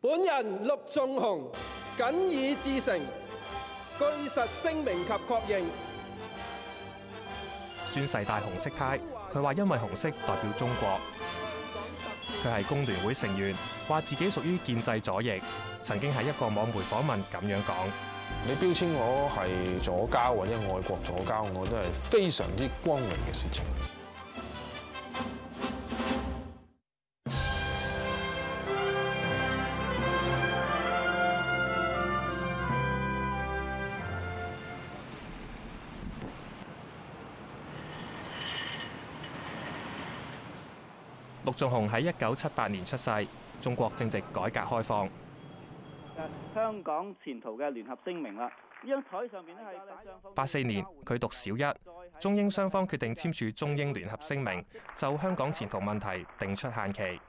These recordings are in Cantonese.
本人陸頌雄謹以至誠據實聲明及確認，宣誓戴紅色呔，佢話因為紅色代表中國，佢係工聯會成員，話自己屬於建制左翼，曾經喺一個網媒訪問咁樣講，你標籤我係左膠或者外國左膠，我都係非常之光榮嘅事情。陸頌雄喺一九七八年出世，中國正值改革開放。香港前途嘅聯合聲明台上面八四年佢讀小一，中英雙方決定簽署中英聯合聲明，就香港前途問題定出限期。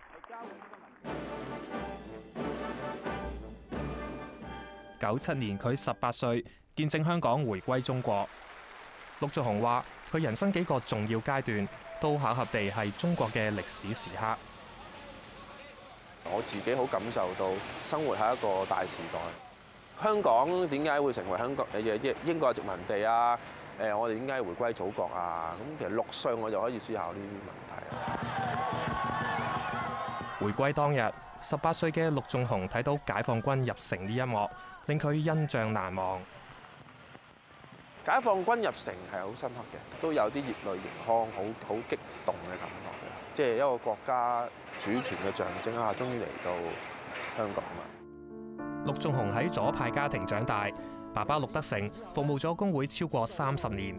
九七年佢十八歲，見證香港回歸中國。陸頌雄話：佢人生幾個重要階段。都巧合地係中國嘅歷史時刻。我自己好感受到生活喺一個大時代。香港點解會成為香港，誒誒英國殖民地啊？誒我哋點解回歸祖國啊？咁其實六歲我就可以思考呢啲問題。回歸當日，十八歲嘅陸頌雄睇到解放軍入城呢一幕，令佢印象難忘。解放軍入城係好深刻嘅，都有啲熱淚盈眶、好好激動嘅感覺，即係一個國家主權嘅象徵啊，終於嚟到香港啦！陸頌雄喺左派家庭長大，爸爸陸德成服務咗工會超過三十年，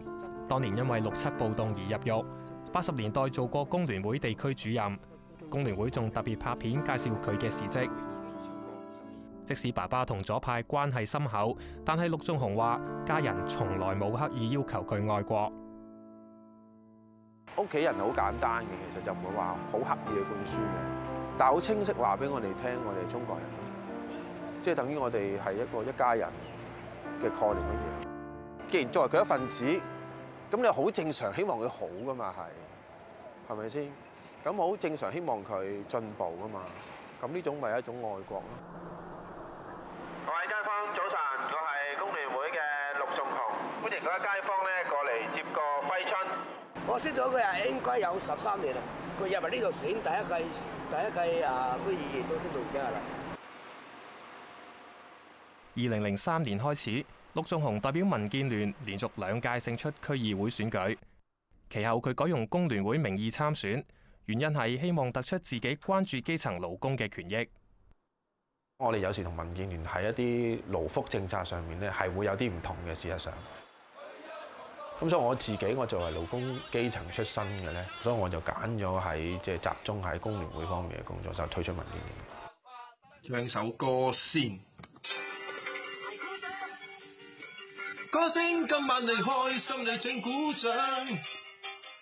當年因為六七暴動而入獄，八十年代做過工聯會地區主任，工聯會仲特別拍片介紹佢嘅事蹟。即使爸爸同左派關係深厚，但係陸頌雄話：家人從來冇刻意要求佢愛國。屋企人係好簡單嘅，其實就唔會話好刻意去灌輸嘅，但係好清晰話俾我哋聽，我哋中國人即係等於我哋係一個一家人嘅概念一樣。既然作為佢一份子，咁你又好正常希望佢好噶嘛？係，係咪先，咁好正常希望佢進步噶嘛？咁呢種咪係一種愛國咯。各位街坊早晨，我係工聯會嘅陸頌雄，歡迎各位街坊咧過嚟接個揮春。我識咗佢係應該有十三年啦，佢入嚟呢度選第一屆第一屆啊區議員都識到幾年啦。二零零三年開始，陸頌雄代表民建聯連續兩屆勝出區議會選舉，其後佢改用工聯會名義參選，原因係希望突出自己關注基層勞工嘅權益。我哋有時同民建聯喺一啲勞福政策上面咧，係會有啲唔同嘅事實上。咁所以我自己，我作為勞工基層出身嘅咧，所以我就揀咗喺即係集中喺工聯會方面嘅工作，就退出民建聯。唱首歌先。歌聲今晚你開心，你請鼓掌。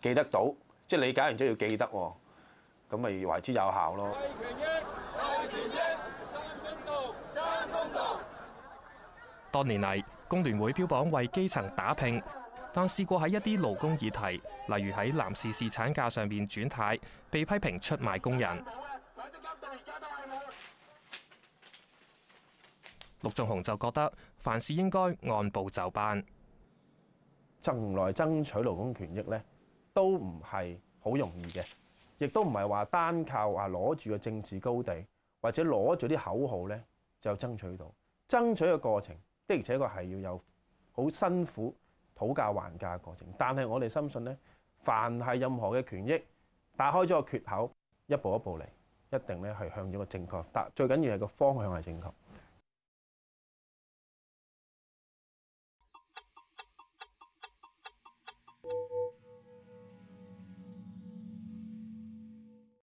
記得到，即係理解完之後要記得喎，咁咪為之有效咯。多年嚟，工聯會標榜為基層打拼，但試過喺一啲勞工議題，例如喺男士侍產假上面轉軚，被批評出賣工人。陸頌雄就覺得凡事應該按部就班，怎來爭取勞工權益呢？都唔係好容易嘅，亦都唔係話單靠啊攞住個政治高地或者攞住啲口號呢，就爭取到。爭取嘅過程的而且確係要有好辛苦討價還價嘅過程。但係我哋深信呢，凡係任何嘅權益打開咗個缺口，一步一步嚟，一定呢係向咗個正確。但最緊要係個方向係正確。